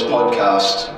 podcast.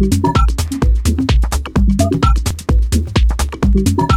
thank you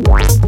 Música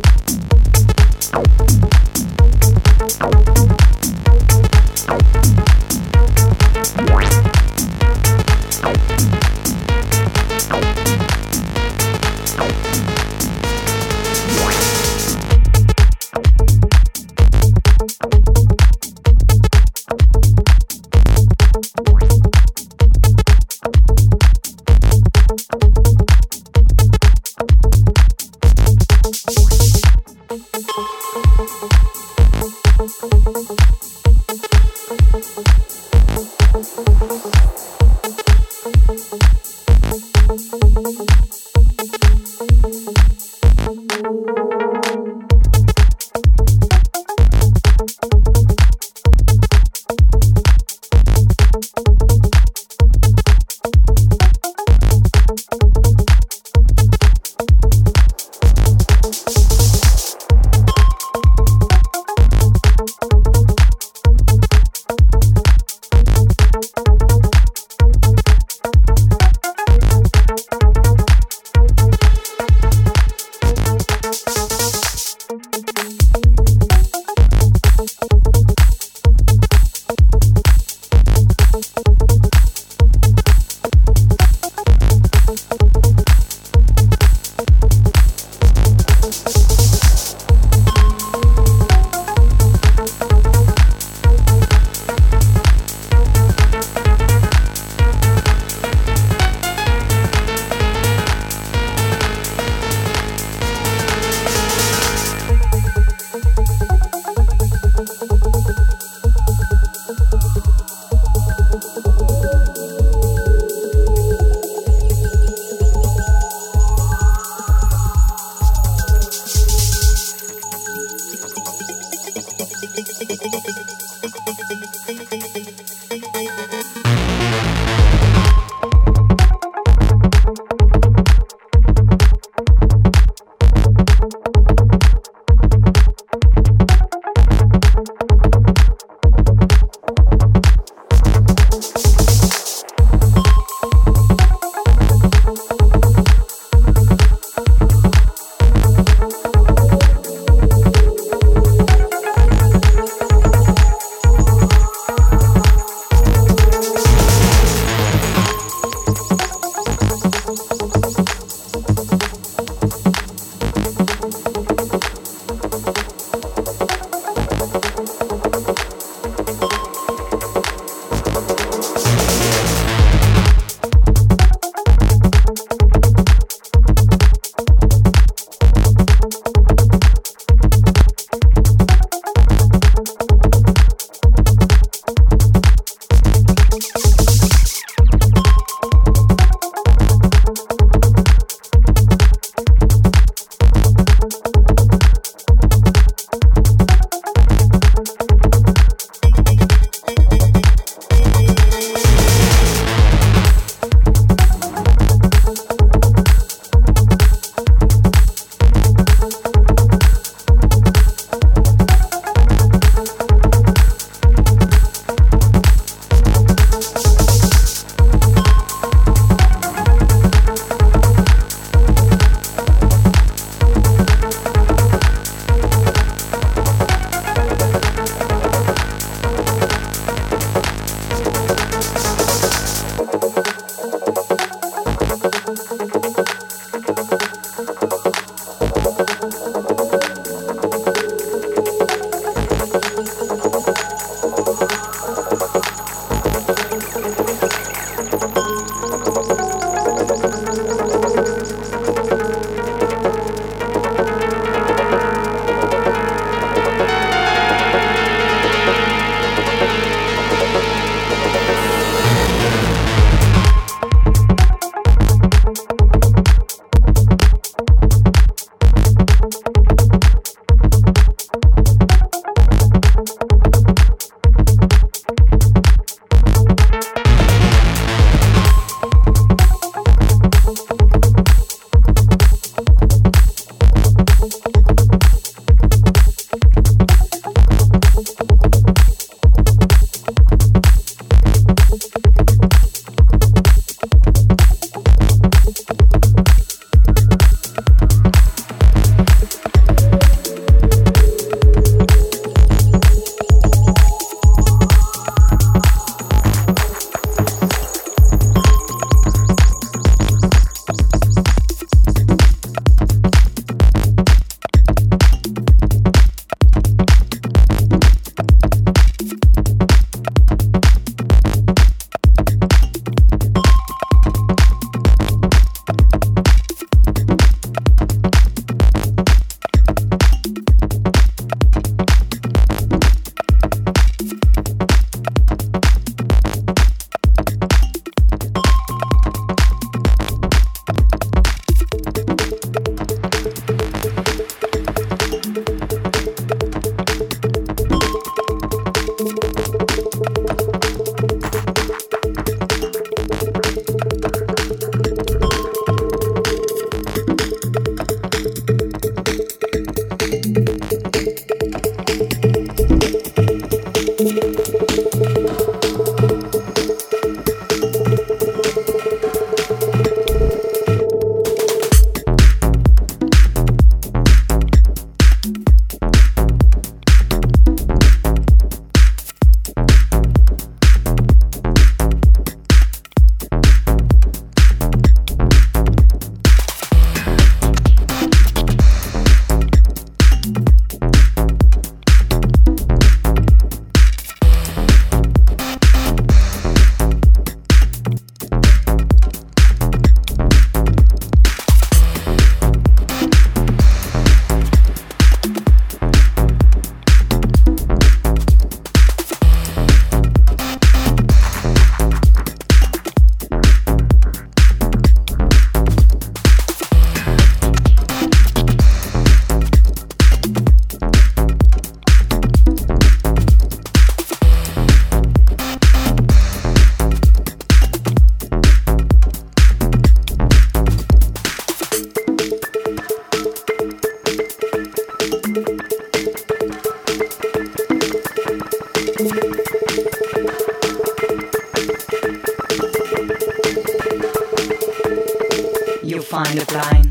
find the blind.